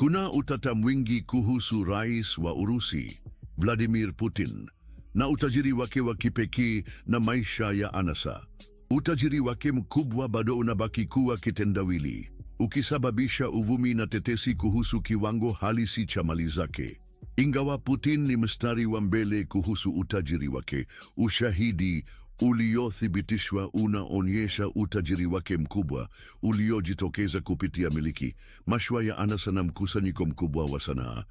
Kuna utata mwingi kuhusu rais wa Urusi, Vladimir Putin, na utajiri wake wa kipekee na maisha ya anasa. Utajiri wake mkubwa bado unabaki kuwa kitendawili, ukisababisha uvumi na tetesi kuhusu kiwango halisi cha mali zake. Ingawa Putin ni mstari wa mbele kuhusu utajiri wake, ushahidi uliothibitishwa unaonyesha utajiri wake mkubwa uliojitokeza kupitia miliki, mashua ya anasa na mkusanyiko mkubwa wa sanaa.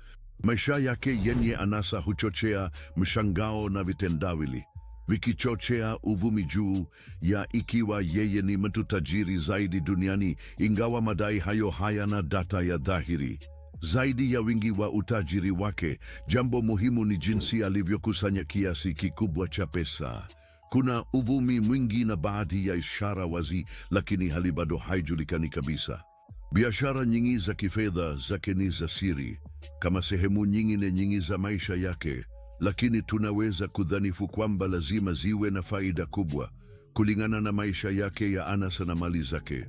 Maisha yake yenye anasa huchochea mshangao na vitendawili, vikichochea uvumi juu ya ikiwa yeye ni mtu tajiri zaidi duniani, ingawa madai hayo hayana data ya dhahiri. Zaidi ya wingi wa utajiri wake, jambo muhimu ni jinsi alivyokusanya kiasi kikubwa cha pesa. Kuna uvumi mwingi na baadhi ya ishara wazi, lakini hali bado haijulikani kabisa. Biashara nyingi za kifedha zake ni za siri, kama sehemu nyingine nyingi za maisha yake, lakini tunaweza kudhanifu kwamba lazima ziwe na faida kubwa kulingana na maisha yake ya anasa na mali zake.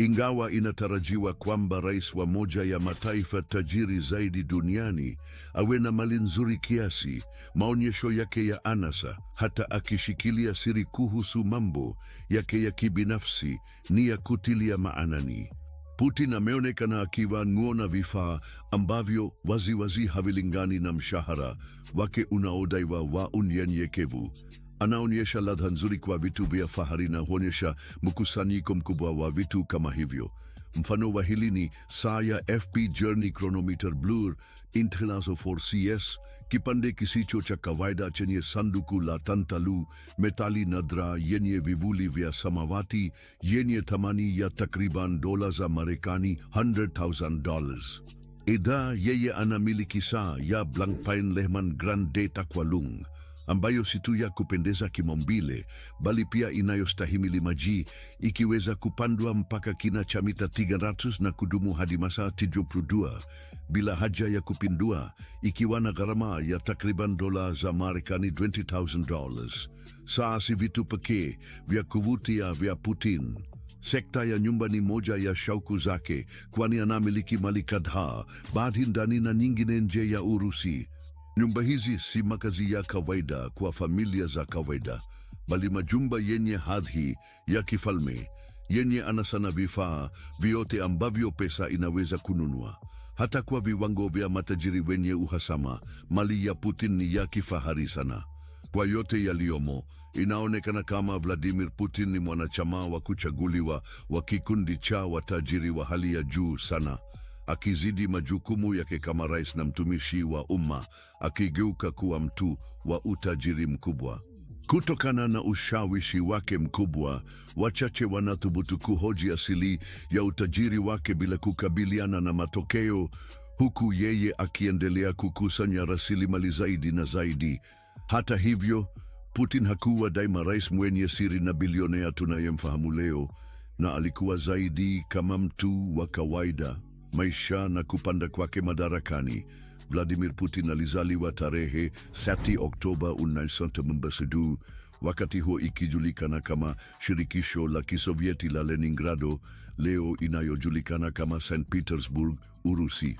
Ingawa inatarajiwa kwamba rais wa moja ya mataifa tajiri zaidi duniani awe na mali nzuri kiasi, maonyesho yake ya anasa, hata akishikilia siri kuhusu mambo yake ya kibinafsi, ni ya kutilia maanani. Putin ameonekana akiwa nguona vifaa ambavyo waziwazi havilingani na mshahara wake unaodaiwa wa unyenyekevu. Anaonyesha ladha nzuri kwa vitu vya fahari na huonyesha mkusanyiko mkubwa wa vitu kama hivyo. Mfano wa hili ni saa ya FP Journey Chronometer Blur Intelazo 4CS, kipande kisicho cha kawaida chenye sanduku la tantalu, metali nadra yenye vivuli vya samawati, yenye thamani ya takriban dola za Marekani $100,000. Eda yeye anamiliki saa ya Blancpain lehman Grand de takwalung ambayo si tu ya kupendeza kimaumbile, bali pia inayostahimili maji, ikiweza kupandwa mpaka kina cha mita 300 na kudumu hadi masaa tijoprodua bila haja ya kupindua, ikiwa na gharama ya takriban dola za Marekani 20,000 Saa si vitu pekee vya kuvutia vya Putin. Sekta ya nyumba ni moja ya shauku zake, kwani anamiliki mali kadhaa, baadhi ndani na nyingine nje ya Urusi. Nyumba hizi si makazi ya kawaida kwa familia za kawaida, bali majumba yenye hadhi ya kifalme yenye anasana vifaa vyote ambavyo pesa inaweza kununua, hata kwa viwango vya matajiri wenye uhasama. Mali ya Putin ni ya kifahari sana. Kwa yote yaliyomo, inaonekana kama Vladimir Putin ni mwanachama wa kuchaguliwa wa kikundi cha watajiri wa hali ya juu sana akizidi majukumu yake kama rais na mtumishi wa umma, akigeuka kuwa mtu wa utajiri mkubwa. Kutokana na ushawishi wake mkubwa, wachache wanathubutu kuhoji asili ya utajiri wake bila kukabiliana na matokeo, huku yeye akiendelea kukusanya rasilimali zaidi na zaidi. Hata hivyo, Putin hakuwa daima rais mwenye siri na bilionea tunayemfahamu leo, na alikuwa zaidi kama mtu wa kawaida maisha na kupanda kwake madarakani, Vladimir Putin alizaliwa tarehe 7 Oktoba 1982, wakati huo ikijulikana kama shirikisho la Kisovieti la Leningrado, leo inayojulikana kama St Petersburg, Urusi.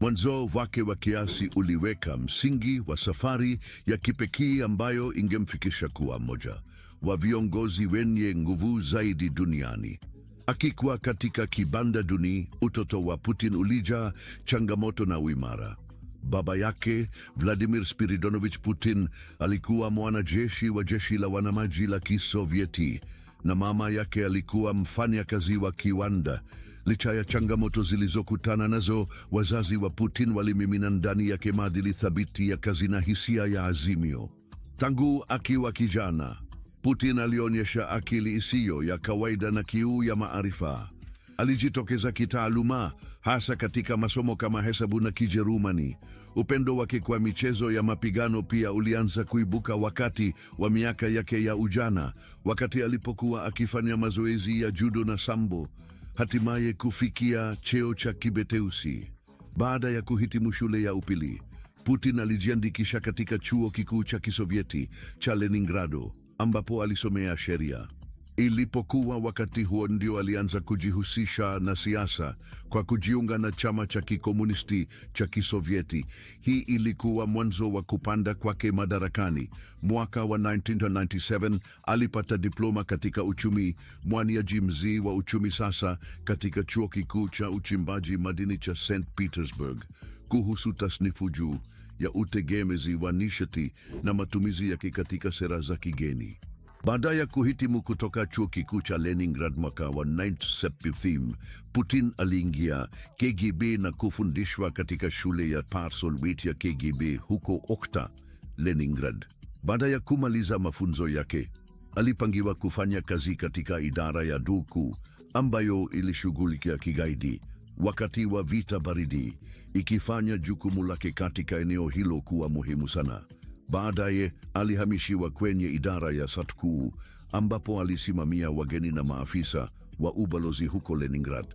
Mwanzo wake wa kiasi uliweka msingi wa safari ya kipekee ambayo ingemfikisha kuwa moja wa viongozi wenye nguvu zaidi duniani. Akikuwa katika kibanda duni, utoto wa Putin ulija changamoto na uimara. Baba yake Vladimir Spiridonovich Putin alikuwa mwanajeshi wa jeshi la wanamaji la Kisovieti na mama yake alikuwa mfanyakazi wa kiwanda. Licha ya changamoto zilizokutana nazo, wazazi wa Putin walimimina ndani yake maadili thabiti ya kazi na hisia ya azimio. Tangu akiwa kijana Putin alionyesha akili isiyo ya kawaida na kiu ya maarifa. Alijitokeza kitaaluma hasa katika masomo kama hesabu na Kijerumani. Upendo wake kwa michezo ya mapigano pia ulianza kuibuka wakati wa miaka yake ya ujana, wakati alipokuwa akifanya mazoezi ya judo na sambo, hatimaye kufikia cheo cha kibeteusi. Baada ya kuhitimu shule ya upili, Putin alijiandikisha katika chuo kikuu cha Kisovieti cha Leningrado ambapo alisomea sheria. Ilipokuwa wakati huo ndio alianza kujihusisha na siasa kwa kujiunga na chama cha kikomunisti cha Kisovieti. Hii ilikuwa mwanzo wa kupanda kwake madarakani. Mwaka wa 1997 alipata diploma katika uchumi, mwaniaji mzii wa uchumi sasa katika chuo kikuu cha uchimbaji madini cha St Petersburg. Kuhusu tasnifu juu ya utegemezi wa nishati na matumizi yake katika sera za kigeni. Baada ya kuhitimu kutoka chuo kikuu cha Leningrad mwaka wa 9 Putin aliingia KGB na kufundishwa katika shule ya Parsolvit ya KGB huko Okta, Leningrad. Baada ya kumaliza mafunzo yake, alipangiwa kufanya kazi katika idara ya duku ambayo ilishughulikia kigaidi wakati wa vita baridi, ikifanya jukumu lake katika eneo hilo kuwa muhimu sana. Baadaye alihamishiwa kwenye idara ya Satkuu ambapo alisimamia wageni na maafisa wa ubalozi huko Leningrad.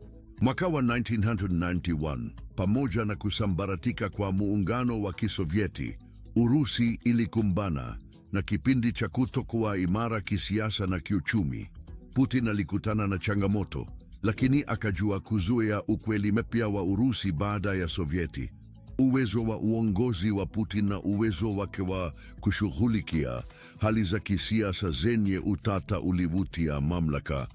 Mwaka wa 1991, pamoja na kusambaratika kwa muungano wa Kisovyeti, Urusi ilikumbana na kipindi cha kutokuwa imara kisiasa na kiuchumi. Putin alikutana na changamoto lakini akajua kuzuia ukweli mpya wa Urusi baada ya Sovieti, uwezo wa uongozi wa Putin na uwezo wake wa kushughulikia hali za kisiasa zenye utata ulivutia mamlaka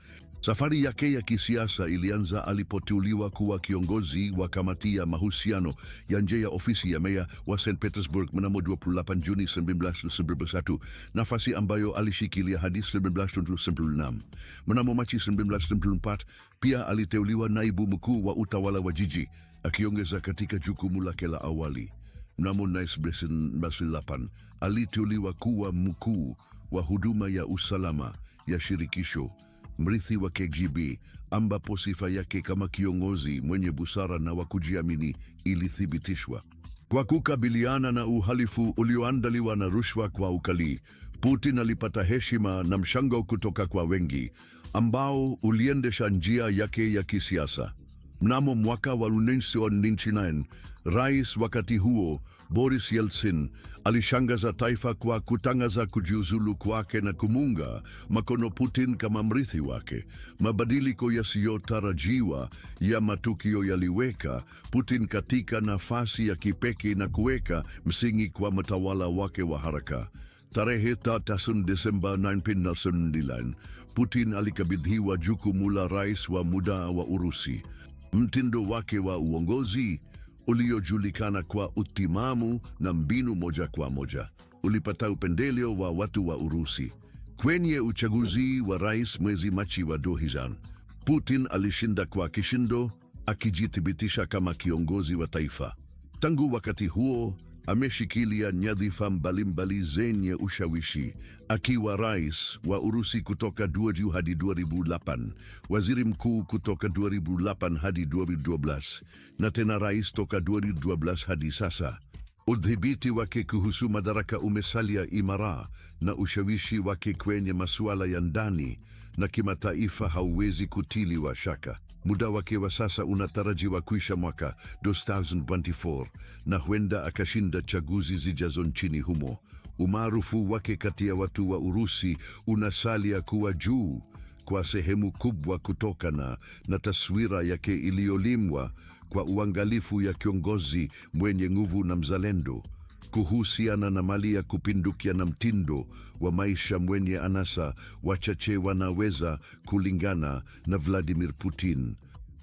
Safari yake ya kisiasa ilianza alipoteuliwa kuwa kiongozi wa kamati ya mahusiano ya nje ya ofisi ya meya wa St. Petersburg mnamo 28 Juni 1973, nafasi ambayo alishikilia hadi 1978. Mnamo Machi 1984 pia aliteuliwa naibu mkuu wa utawala wa jiji, akiongeza katika jukumu lake la awali. Mnamo 1998 aliteuliwa kuwa mkuu wa huduma ya usalama ya shirikisho mrithi wa KGB, ambapo sifa yake kama kiongozi mwenye busara na wa kujiamini ilithibitishwa. Kwa kukabiliana na uhalifu ulioandaliwa na rushwa kwa ukali, Putin alipata heshima na mshango kutoka kwa wengi, ambao uliendesha njia yake ya kisiasa. Mnamo mwaka wa 1999, rais wakati huo Boris Yeltsin alishangaza taifa kwa kutangaza kujiuzulu kwake na kumunga mkono Putin kama mrithi wake. Mabadiliko yasiyotarajiwa ya matukio yaliweka Putin katika nafasi ya kipekee na kuweka msingi kwa mtawala wake wa haraka. Tarehe 3 Desemba 1999, Putin alikabidhiwa jukumu la rais wa muda wa Urusi. Mtindo wake wa uongozi uliojulikana kwa utimamu na mbinu moja kwa moja ulipata upendeleo wa watu wa Urusi. Kwenye uchaguzi wa rais mwezi Machi wa Dohizan, Putin alishinda kwa kishindo, akijithibitisha kama kiongozi wa taifa. Tangu wakati huo, ameshikilia nyadhifa mbalimbali zenye ushawishi, akiwa rais wa Urusi kutoka 2000 hadi 2008, waziri mkuu kutoka 2008 hadi 2012, na tena rais toka 2012 hadi sasa. Udhibiti wake kuhusu madaraka umesalia imara na ushawishi wake kwenye masuala ya ndani na kimataifa hauwezi kutiliwa shaka. Muda wake wa sasa unatarajiwa kuisha mwaka 2024 na huenda akashinda chaguzi zijazo nchini humo. Umaarufu wake kati ya watu wa Urusi unasalia kuwa juu kwa sehemu kubwa kutokana na taswira yake iliyolimwa kwa uangalifu ya kiongozi mwenye nguvu na mzalendo kuhusiana na mali ya kupindukia na mtindo wa maisha mwenye anasa wachache wanaweza kulingana na Vladimir Putin.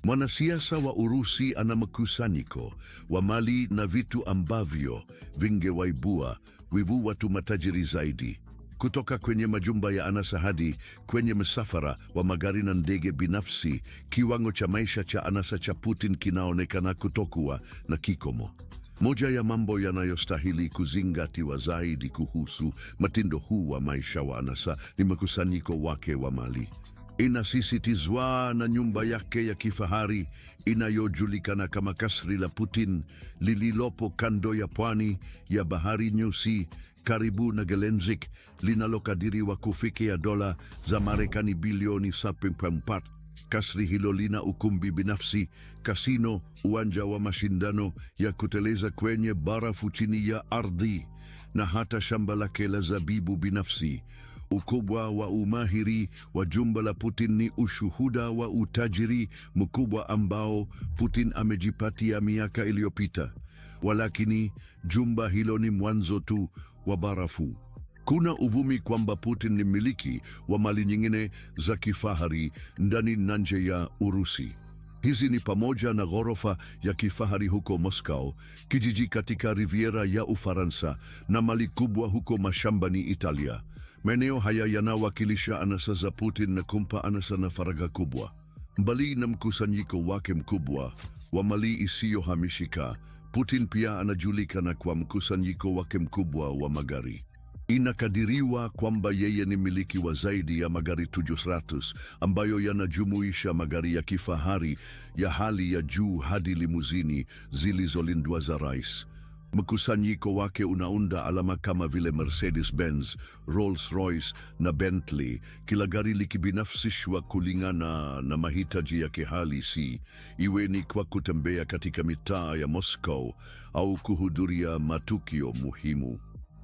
Mwanasiasa wa Urusi ana makusanyiko wa mali na vitu ambavyo vingewaibua wivu watu matajiri zaidi, kutoka kwenye majumba ya anasa hadi kwenye msafara wa magari na ndege binafsi. Kiwango cha maisha cha anasa cha Putin kinaonekana kutokuwa na kikomo. Moja ya mambo yanayostahili kuzingatiwa zaidi kuhusu mtindo huu wa maisha wa anasa ni mkusanyiko wake wa mali. Inasisitizwa na nyumba yake ya kifahari inayojulikana kama kasri la Putin lililopo kando ya pwani ya Bahari Nyeusi karibu na Gelenzik linalokadiriwa kufikia dola za Marekani bilioni 7.4. Kasri hilo lina ukumbi binafsi, kasino, uwanja wa mashindano ya kuteleza kwenye barafu chini ya ardhi na hata shamba lake la zabibu binafsi. Ukubwa wa umahiri wa jumba la Putin ni ushuhuda wa utajiri mkubwa ambao Putin amejipatia miaka iliyopita. Walakini jumba hilo ni mwanzo tu wa barafu. Kuna uvumi kwamba Putin ni mmiliki wa mali nyingine za kifahari ndani na nje ya Urusi. Hizi ni pamoja na ghorofa ya kifahari huko Moscow, kijiji katika Riviera ya Ufaransa na mali kubwa huko mashambani Italia. Maeneo haya yanawakilisha anasa za Putin na kumpa anasa na faragha kubwa. Mbali na mkusanyiko wake mkubwa wa mali isiyohamishika, Putin pia anajulikana kwa mkusanyiko wake mkubwa wa magari. Inakadiriwa kwamba yeye ni mmiliki wa zaidi ya magari Tujustratus ambayo yanajumuisha magari ya kifahari ya hali ya juu hadi limuzini zilizolindwa za rais. Mkusanyiko wake unaunda alama kama vile Mercedes-Benz, Rolls-Royce na Bentley, kila gari likibinafsishwa kulingana na mahitaji yake halisi, iwe ni kwa kutembea katika mitaa ya Moscow au kuhudhuria matukio muhimu.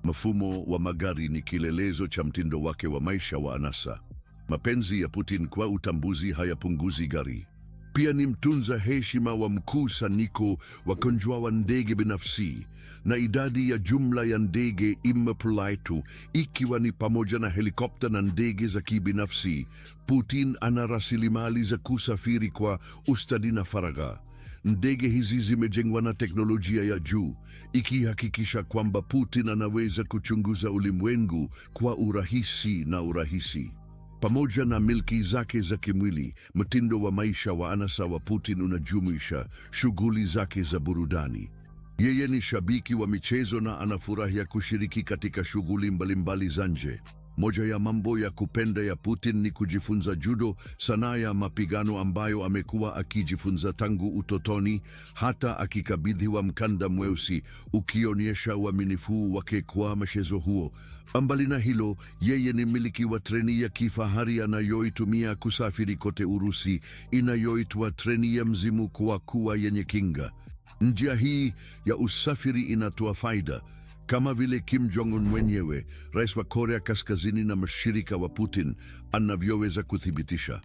Mfumo wa magari ni kielelezo cha mtindo wake wa maisha wa anasa. Mapenzi ya Putin kwa utambuzi hayapunguzi gari. Pia ni mtunza heshima wa mkusanyiko wa konjwa wa ndege binafsi, na idadi ya jumla ya ndege imepulaitu ikiwa ni pamoja na helikopta na ndege za kibinafsi. Putin ana rasilimali za kusafiri kwa ustadi na faragha. Ndege hizi zimejengwa na teknolojia ya juu ikihakikisha kwamba Putin anaweza kuchunguza ulimwengu kwa urahisi na urahisi. Pamoja na milki zake za kimwili, mtindo wa maisha wa anasa wa Putin unajumuisha shughuli zake za burudani. Yeye ni shabiki wa michezo na anafurahia kushiriki katika shughuli mbalimbali za nje. Moja ya mambo ya kupenda ya Putin ni kujifunza judo, sanaa ya mapigano ambayo amekuwa akijifunza tangu utotoni, hata akikabidhiwa mkanda mweusi, ukionyesha uaminifu wake kwa mchezo huo. Mbali na hilo, yeye ni mmiliki wa treni ya kifahari anayoitumia kusafiri kote Urusi, inayoitwa treni ya mzimu kwa kuwa yenye kinga. Njia hii ya usafiri inatoa faida kama vile Kim Jong Un mwenyewe, rais wa Korea Kaskazini na mshirika wa Putin, anavyoweza kuthibitisha.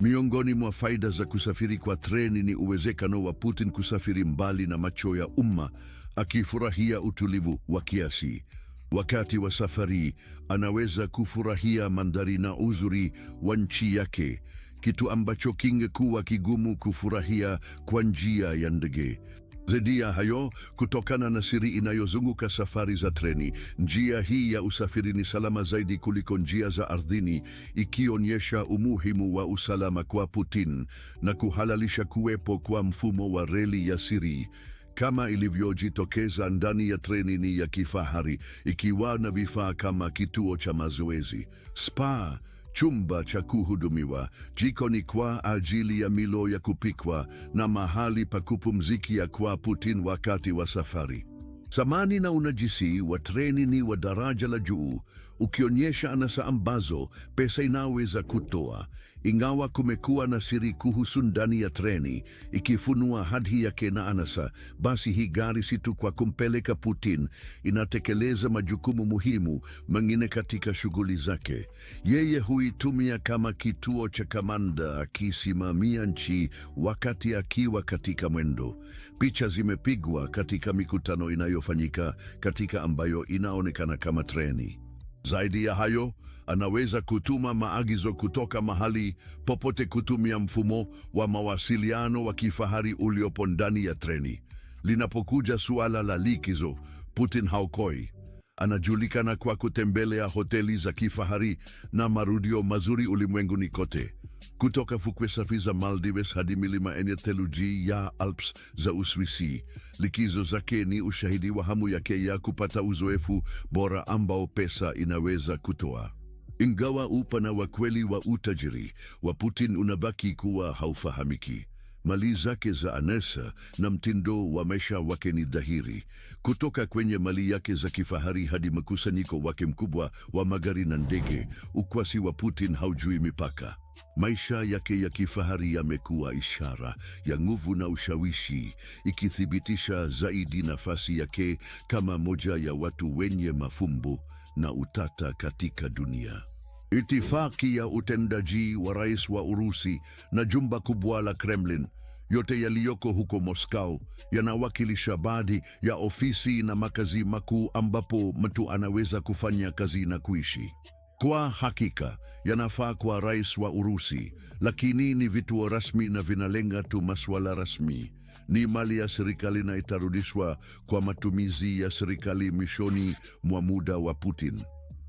Miongoni mwa faida za kusafiri kwa treni ni uwezekano wa Putin kusafiri mbali na macho ya umma, akifurahia utulivu wa kiasi. Wakati wa safari, anaweza kufurahia mandhari na uzuri wa nchi yake, kitu ambacho kingekuwa kigumu kufurahia kwa njia ya ndege. Zaidi ya hayo, kutokana na siri inayozunguka safari za treni, njia hii ya usafiri ni salama zaidi kuliko njia za ardhini, ikionyesha umuhimu wa usalama kwa Putin na kuhalalisha kuwepo kwa mfumo wa reli ya siri kama ilivyojitokeza ndani ya treni ya kifahari, ikiwa na vifaa kama kituo cha mazoezi, spa chumba cha kuhudumiwa, jikoni kwa ajili ya milo ya kupikwa na mahali pa kupumzikia kwa Putin wakati wa safari. Samani na unajisi wa treni ni wa daraja la juu ukionyesha anasa ambazo pesa inaweza kutoa, ingawa kumekuwa na siri kuhusu ndani ya treni ikifunua hadhi yake na anasa. Basi hii gari si tu kwa kumpeleka Putin, inatekeleza majukumu muhimu mengine katika shughuli zake. Yeye huitumia kama kituo cha kamanda, akisimamia nchi wakati akiwa katika mwendo. Picha zimepigwa katika mikutano inayofanyika katika ambayo inaonekana kama treni. Zaidi ya hayo, anaweza kutuma maagizo kutoka mahali popote kutumia mfumo wa mawasiliano wa kifahari uliopo ndani ya treni. Linapokuja suala la likizo, Putin haokoi. Anajulikana kwa kutembelea hoteli za kifahari na marudio mazuri ulimwenguni kote. Kutoka fukwe safi za Maldives hadi milima yenye theluji ya Alps za Uswisi, likizo zake ni ushahidi wa hamu yake ya kupata uzoefu bora ambao pesa inaweza kutoa. Ingawa upana wa kweli wa utajiri wa Putin unabaki kuwa haufahamiki mali zake za anasa na mtindo wa maisha wake ni dhahiri, kutoka kwenye mali yake za kifahari hadi mkusanyiko wake mkubwa wa magari na ndege. Ukwasi wa Putin haujui mipaka. Maisha yake ya kifahari yamekuwa ishara ya nguvu na ushawishi, ikithibitisha zaidi nafasi yake kama moja ya watu wenye mafumbo na utata katika dunia. Itifaki ya utendaji wa rais wa Urusi na jumba kubwa la Kremlin, yote yaliyoko huko Moscow, yanawakilisha baadhi ya ofisi na makazi makuu ambapo mtu anaweza kufanya kazi na kuishi. Kwa hakika yanafaa kwa rais wa Urusi, lakini ni vituo rasmi na vinalenga tu masuala rasmi. Ni mali ya serikali na itarudishwa kwa matumizi ya serikali mwishoni mwa muda wa Putin.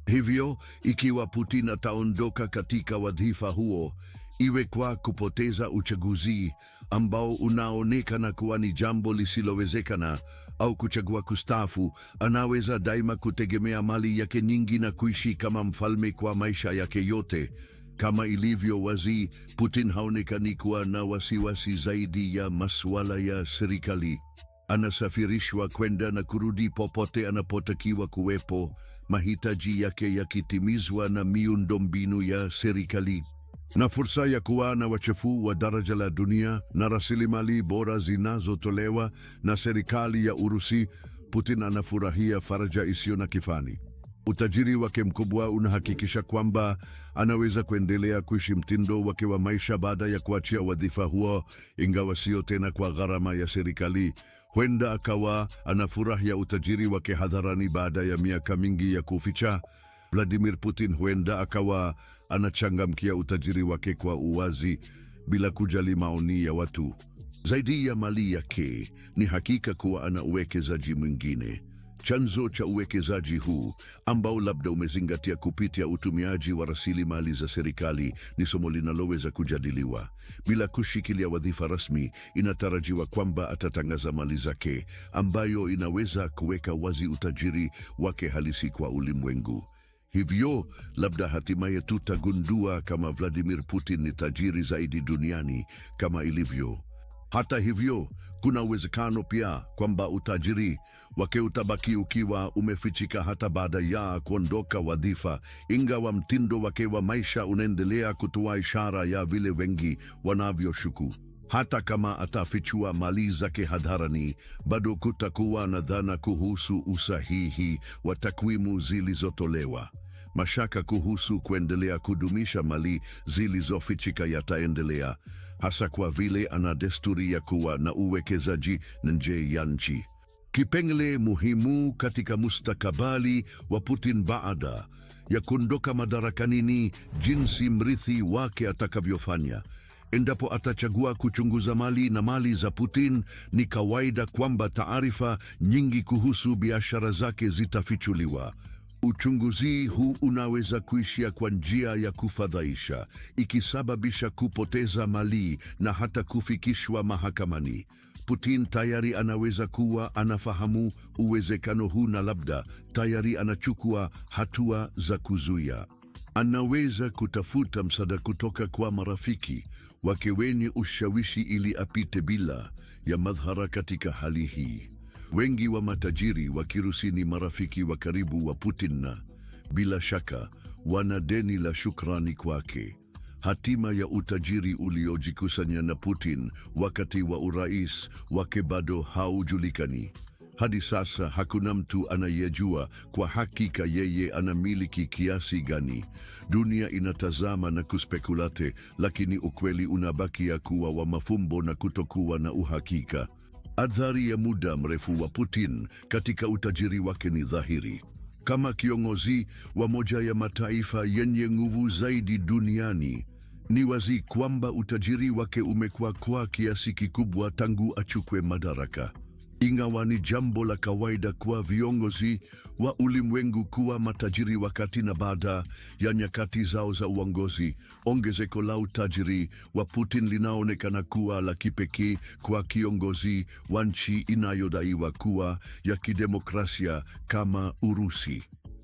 Hivyo, ikiwa Putin ataondoka katika wadhifa huo, iwe kwa kupoteza uchaguzi ambao unaonekana kuwa ni jambo lisilowezekana au kuchagua kustafu, anaweza daima kutegemea mali yake nyingi na kuishi kama mfalme kwa maisha yake yote. Kama ilivyo wazi, Putin haonekani kuwa na wasiwasi zaidi ya masuala ya serikali. Anasafirishwa kwenda na kurudi popote anapotakiwa kuwepo mahitaji yake yakitimizwa na miundombinu ya serikali na fursa ya kuwa na wachefu wa daraja la dunia na rasilimali bora zinazotolewa na serikali ya Urusi. Putin anafurahia faraja isiyo na kifani. Utajiri wake mkubwa unahakikisha kwamba anaweza kuendelea kuishi mtindo wake wa maisha baada ya kuachia wadhifa huo, ingawa sio tena kwa gharama ya serikali. Huenda akawa ya utajiri wake hadharani baada ya miaka mingi ya kuficha. Vladimir Putin huenda akawa anachangamkia utajiri wake kwa uwazi bila kujali maoni ya watu. Zaidi ya mali yake, ni hakika kuwa ana uwekezaji mwingine. Chanzo cha uwekezaji huu ambao labda umezingatia kupitia utumiaji wa rasilimali za serikali ni somo linaloweza kujadiliwa. Bila kushikilia wadhifa rasmi, inatarajiwa kwamba atatangaza mali zake, ambayo inaweza kuweka wazi utajiri wake halisi kwa ulimwengu. Hivyo labda hatimaye tutagundua kama Vladimir Putin ni tajiri zaidi duniani kama ilivyo. Hata hivyo, kuna uwezekano pia kwamba utajiri wake utabaki ukiwa umefichika hata baada ya kuondoka wadhifa, ingawa mtindo wake wa maisha unaendelea kutoa ishara ya vile wengi wanavyoshuku. Hata kama atafichua mali zake hadharani, bado kutakuwa na dhana kuhusu usahihi wa takwimu zilizotolewa. Mashaka kuhusu kuendelea kudumisha mali zilizofichika yataendelea hasa kwa vile ana desturi ya kuwa na uwekezaji nje ya nchi. Kipengele muhimu katika mustakabali wa Putin baada ya kuondoka madarakani ni jinsi mrithi wake atakavyofanya. Endapo atachagua kuchunguza mali na mali za Putin, ni kawaida kwamba taarifa nyingi kuhusu biashara zake zitafichuliwa. Uchunguzi huu unaweza kuishia kwa njia ya kufadhaisha, ikisababisha kupoteza mali na hata kufikishwa mahakamani. Putin tayari anaweza kuwa anafahamu uwezekano huu na labda tayari anachukua hatua za kuzuia. Anaweza kutafuta msaada kutoka kwa marafiki wake wenye ushawishi ili apite bila ya madhara katika hali hii. Wengi wa matajiri wa Kirusi ni marafiki wa karibu wa Putin na bila shaka wana deni la shukrani kwake. Hatima ya utajiri uliojikusanya na Putin wakati wa urais wake bado haujulikani. Hadi sasa hakuna mtu anayejua kwa hakika yeye anamiliki kiasi gani. Dunia inatazama na kuspekulate, lakini ukweli unabakia kuwa wa mafumbo na kutokuwa na uhakika. Athari ya muda mrefu wa Putin katika utajiri wake ni dhahiri. Kama kiongozi wa moja ya mataifa yenye nguvu zaidi duniani, ni wazi kwamba utajiri wake umekuwa kwa kiasi kikubwa tangu achukue madaraka. Ingawa ni jambo la kawaida kwa viongozi wa ulimwengu kuwa matajiri wakati na baada ya nyakati zao za uongozi, ongezeko la utajiri wa Putin linaonekana kuwa la kipekee kwa kiongozi wa nchi inayodaiwa kuwa ya kidemokrasia kama Urusi.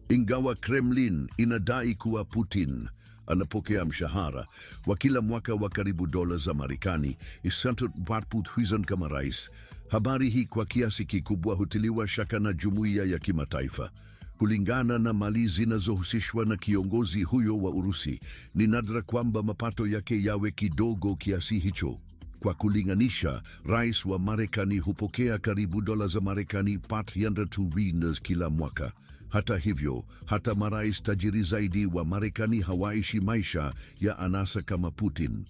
Ingawa Kremlin inadai kuwa Putin anapokea mshahara wa kila mwaka wa karibu dola za Marekani 400 kama rais Habari hii kwa kiasi kikubwa hutiliwa shaka na jumuiya ya kimataifa. Kulingana na mali zinazohusishwa na kiongozi huyo wa Urusi, ni nadra kwamba mapato yake yawe kidogo kiasi hicho. Kwa kulinganisha, rais wa Marekani hupokea karibu dola za Marekani kila mwaka. Hata hivyo, hata marais tajiri zaidi wa Marekani hawaishi maisha ya anasa kama Putin.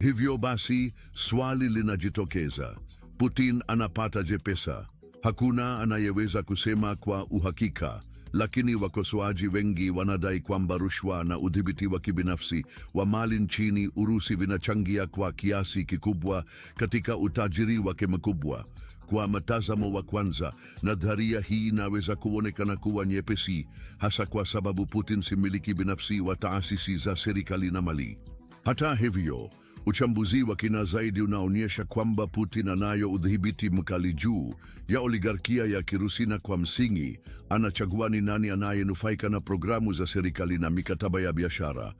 Hivyo basi, swali linajitokeza. Putin anapata je pesa? Hakuna anayeweza kusema kwa uhakika, lakini wakosoaji wengi wanadai kwamba rushwa na udhibiti wa kibinafsi wa mali nchini Urusi vinachangia kwa kiasi kikubwa katika utajiri wake mkubwa. Kwa mtazamo wa kwanza, nadharia hii inaweza kuonekana kuwa nyepesi, hasa kwa sababu Putin si mmiliki binafsi wa taasisi za serikali na mali. Hata hivyo Uchambuzi wa kina zaidi unaonyesha kwamba Putin anayo udhibiti mkali juu ya oligarkia ya Kirusi na kwa msingi anachagua ni nani anayenufaika na programu za serikali na mikataba ya biashara.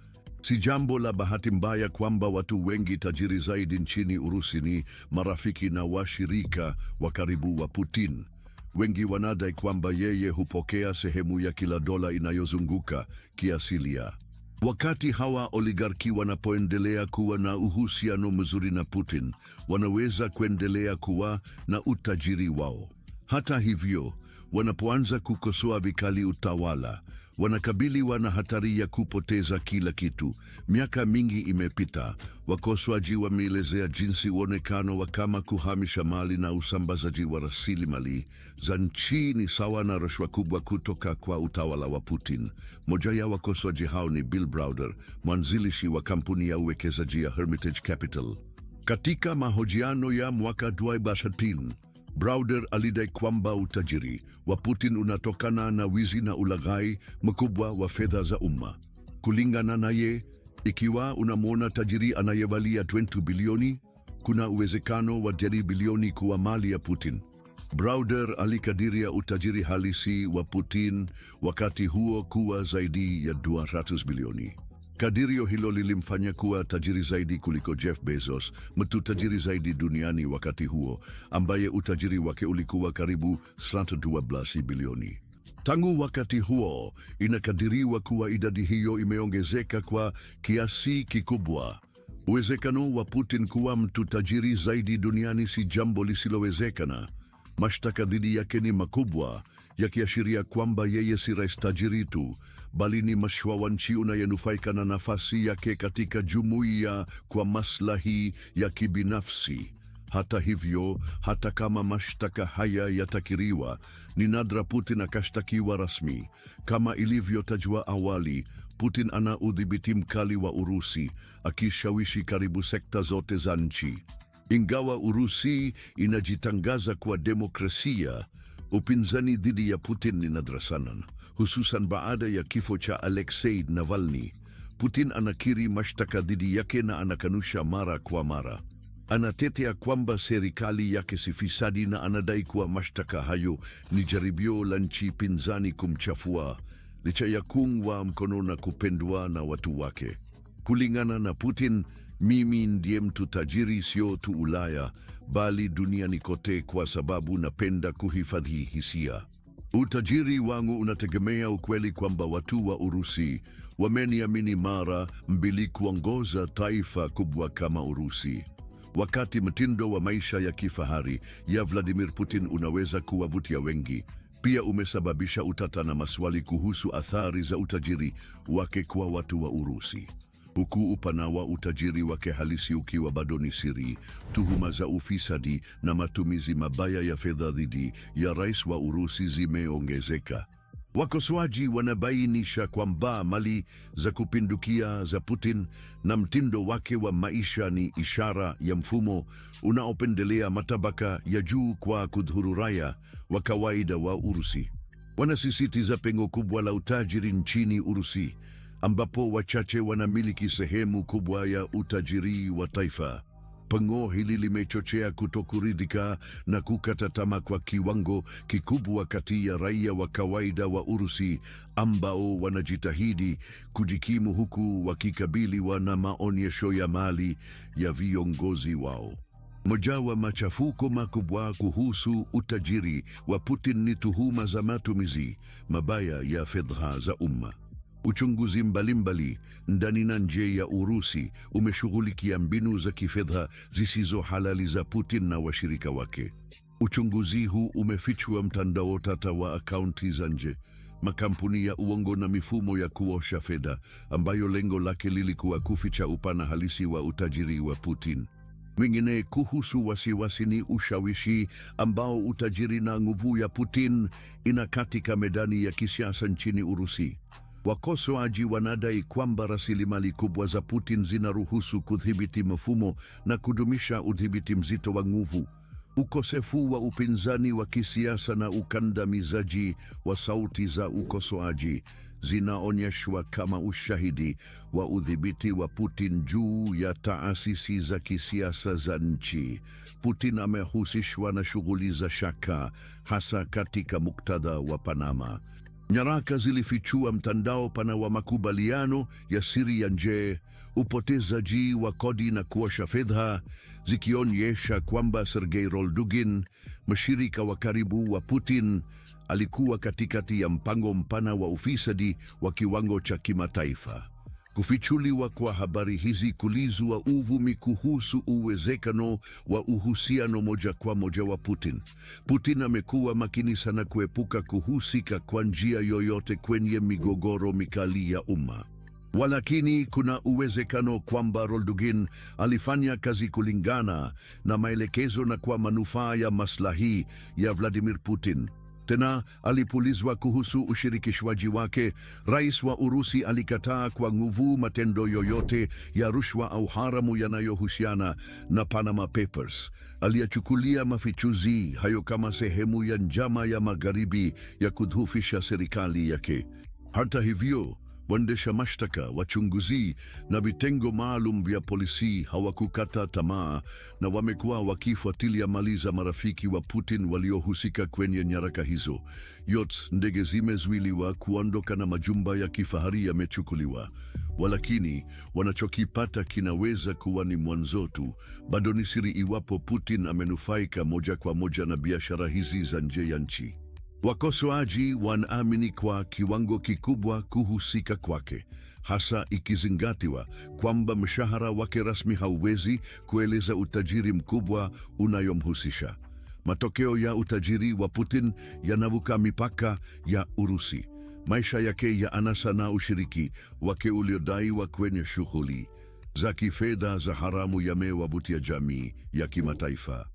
Si jambo la bahati mbaya kwamba watu wengi tajiri zaidi nchini Urusi ni marafiki na washirika wa karibu wa Putin. Wengi wanadai kwamba yeye hupokea sehemu ya kila dola inayozunguka kiasilia. Wakati hawa oligarki wanapoendelea kuwa na uhusiano mzuri na Putin, wanaweza kuendelea kuwa na utajiri wao. Hata hivyo, wanapoanza kukosoa vikali utawala, wanakabiliwa na hatari ya kupoteza kila kitu. Miaka mingi imepita, wakosoaji wameelezea jinsi uonekano wa kama kuhamisha mali na usambazaji wa rasilimali za nchi ni sawa na rushwa kubwa kutoka kwa utawala wa Putin. Moja ya wakosoaji hao ni Bill Browder, mwanzilishi wa kampuni ya uwekezaji ya Hermitage Capital. Katika mahojiano ya mwaka 2018 Browder alidai kwamba utajiri wa Putin unatokana na wizi na ulaghai mkubwa wa fedha za umma. Kulingana naye, ikiwa unamwona tajiri anayevalia 20 bilioni, kuna uwezekano wa jeri bilioni kuwa mali ya Putin. Browder alikadiria utajiri halisi wa Putin wakati huo kuwa zaidi ya 200 bilioni. Kadirio hilo lilimfanya kuwa tajiri zaidi kuliko Jeff Bezos, mtu tajiri zaidi duniani wakati huo, ambaye utajiri wake ulikuwa karibu santa bilioni. Tangu wakati huo, inakadiriwa kuwa idadi hiyo imeongezeka kwa kiasi kikubwa. Uwezekano wa Putin kuwa mtu tajiri zaidi duniani si jambo lisilowezekana. Mashtaka dhidi yake ni makubwa yakiashiria kwamba yeye si rais tajiri tu, bali ni nchi unayenufaika na nafasi yake katika jumuiya kwa maslahi ya kibinafsi. Hata hivyo, hata kama mashtaka haya yatakiriwa, ni nadra Putin akashtakiwa rasmi. Kama ilivyotajwa awali, Putin ana udhibiti mkali wa Urusi, akishawishi karibu sekta zote za nchi. Ingawa Urusi inajitangaza kwa demokrasia, Upinzani dhidi ya Putin sana, hususan baada ya kifo cha Alexei Navalny. Putin anakiri mashtaka dhidi yake na anakanusha mara kwa mara. Anatetea kwamba serikali yake si fisadi na anadai kuwa mashtaka hayo ni jaribio la nchi pinzani kumchafua, licha ya kuungwa mkono na kupendwa na watu wake. Kulingana na Putin, mimi ndiye mtu tajiri, sio tu Ulaya bali duniani kote, kwa sababu napenda kuhifadhi hisia. Utajiri wangu unategemea ukweli kwamba watu wa Urusi wameniamini mara mbili kuongoza taifa kubwa kama Urusi. Wakati mtindo wa maisha ya kifahari ya Vladimir Putin unaweza kuwavutia wengi, pia umesababisha utata na maswali kuhusu athari za utajiri wake kwa watu wa Urusi huku upana wa utajiri wake halisi ukiwa bado ni siri. Tuhuma za ufisadi na matumizi mabaya ya fedha dhidi ya rais wa Urusi zimeongezeka. Wakosoaji wanabainisha kwamba mali za kupindukia za Putin na mtindo wake wa maisha ni ishara ya mfumo unaopendelea matabaka ya juu kwa kudhuru raia wa kawaida wa Urusi. Wanasisitiza pengo kubwa la utajiri nchini Urusi ambapo wachache wanamiliki sehemu kubwa ya utajiri wa taifa. Pengo hili limechochea kutokuridhika na kukata tamaa kwa kiwango kikubwa kati ya raia wa kawaida wa Urusi ambao wanajitahidi kujikimu huku wakikabiliwa na maonyesho ya mali ya viongozi wao. Moja wa machafuko makubwa kuhusu utajiri wa Putin ni tuhuma za matumizi mabaya ya fedha za umma. Uchunguzi mbalimbali ndani na nje ya Urusi umeshughulikia mbinu za kifedha zisizo halali za Putin na washirika wake. Uchunguzi huu umefichua mtandao tata wa akaunti za nje, makampuni ya uongo na mifumo ya kuosha fedha ambayo lengo lake lilikuwa kuficha upana halisi wa utajiri wa Putin. mwingine kuhusu wasiwasi ni ushawishi ambao utajiri na nguvu ya Putin ina katika medani ya kisiasa nchini Urusi. Wakosoaji wanadai kwamba rasilimali kubwa za Putin zinaruhusu kudhibiti mfumo na kudumisha udhibiti mzito wa nguvu. Ukosefu wa upinzani wa kisiasa na ukandamizaji wa sauti za ukosoaji zinaonyeshwa kama ushahidi wa udhibiti wa Putin juu ya taasisi za kisiasa za nchi. Putin amehusishwa na shughuli za shaka, hasa katika muktadha wa Panama. Nyaraka zilifichua mtandao pana wa makubaliano ya siri ya nje, upotezaji wa kodi na kuosha fedha, zikionyesha kwamba Sergei Roldugin, mshirika wa karibu wa Putin, alikuwa katikati ya mpango mpana wa ufisadi wa kiwango cha kimataifa. Kufichuliwa kwa habari hizi kulizua uvumi kuhusu uwezekano wa uhusiano moja kwa moja wa Putin. Putin amekuwa makini sana kuepuka kuhusika kwa njia yoyote kwenye migogoro mikali ya umma. Walakini kuna uwezekano kwamba Roldugin alifanya kazi kulingana na maelekezo na kwa manufaa ya maslahi ya Vladimir Putin. Tena alipulizwa kuhusu ushirikishwaji wake, rais wa Urusi alikataa kwa nguvu matendo yoyote ya rushwa au haramu yanayohusiana na Panama Papers. Aliyachukulia mafichuzi hayo kama sehemu ya njama ya magharibi ya kudhufisha serikali yake. Hata hivyo Waendesha mashtaka, wachunguzi na vitengo maalum vya polisi hawakukata tamaa na wamekuwa wakifuatilia mali za marafiki wa Putin waliohusika kwenye nyaraka hizo. Yachts, ndege zimezuiliwa kuondoka na majumba ya kifahari yamechukuliwa. Walakini, wanachokipata kinaweza kuwa ni mwanzo tu. Bado ni siri iwapo Putin amenufaika moja kwa moja na biashara hizi za nje ya nchi. Wakosoaji wanaamini kwa kiwango kikubwa kuhusika kwake, hasa ikizingatiwa kwamba mshahara wake rasmi hauwezi kueleza utajiri mkubwa unayomhusisha. Matokeo ya utajiri wa Putin yanavuka mipaka ya Urusi. Maisha yake ya anasa na ushiriki wake uliodaiwa kwenye shughuli za kifedha za haramu yamewavutia jamii ya kimataifa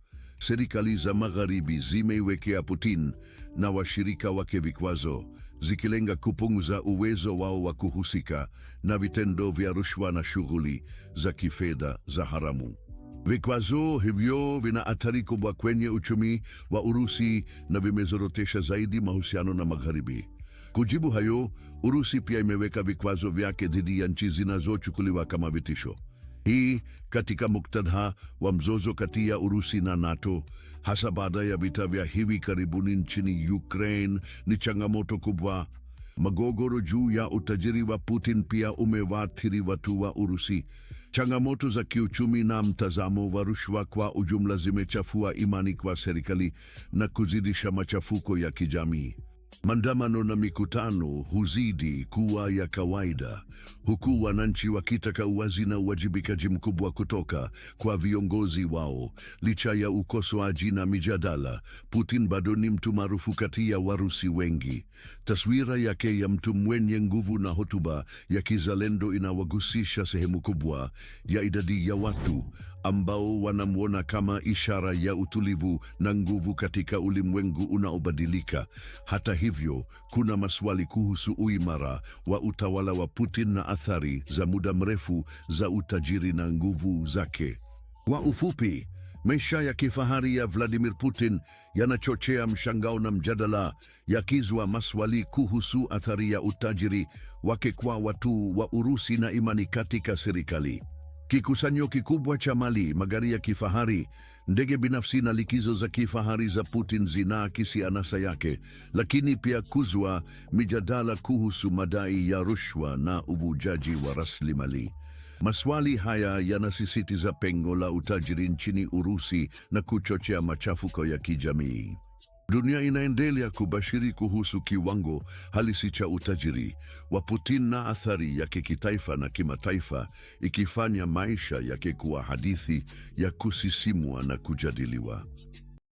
serikali za magharibi zimeiwekea Putin na washirika wake vikwazo, zikilenga kupunguza uwezo wao wa kuhusika na vitendo vya rushwa na shughuli za kifedha za haramu. Vikwazo hivyo vina athari kubwa kwenye uchumi wa Urusi na vimezorotesha zaidi mahusiano na magharibi. Kujibu hayo, Urusi pia imeweka vikwazo vyake dhidi ya nchi zinazochukuliwa kama vitisho. Hii katika muktadha wa mzozo kati ya Urusi na NATO, hasa baada ya vita vya hivi karibuni nchini Ukraine, ni changamoto kubwa. Magogoro juu ya utajiri wa Putin pia umewaathiri watu wa Urusi. Changamoto za kiuchumi na mtazamo wa rushwa kwa ujumla zimechafua imani kwa serikali na kuzidisha machafuko ya kijamii. Maandamano na mikutano huzidi kuwa ya kawaida, huku wananchi wakitaka uwazi na uwajibikaji mkubwa kutoka kwa viongozi wao. Licha ya ukosoaji na mijadala, Putin bado ni mtu maarufu kati ya Warusi wengi. Taswira yake ya mtu mwenye nguvu na hotuba ya kizalendo inawagusisha sehemu kubwa ya idadi ya watu ambao wanamwona kama ishara ya utulivu na nguvu katika ulimwengu unaobadilika. Hata hivyo, kuna maswali kuhusu uimara wa utawala wa Putin na athari za muda mrefu za utajiri na nguvu zake. Kwa ufupi, maisha ya kifahari ya Vladimir Putin yanachochea mshangao na mjadala, yakizwa maswali kuhusu athari ya utajiri wake kwa watu wa Urusi na imani katika serikali kikusanyo kikubwa cha mali, magari ya kifahari, ndege binafsi na likizo za kifahari za Putin zinaakisi anasa yake, lakini pia kuzua mijadala kuhusu madai ya rushwa na uvujaji wa rasilimali. Maswali haya yanasisitiza pengo la utajiri nchini Urusi na kuchochea machafuko ya kijamii. Dunia inaendelea kubashiri kuhusu kiwango halisi cha utajiri wa Putin na athari yake kitaifa na kimataifa, ikifanya maisha yake kuwa hadithi ya kusisimua na kujadiliwa.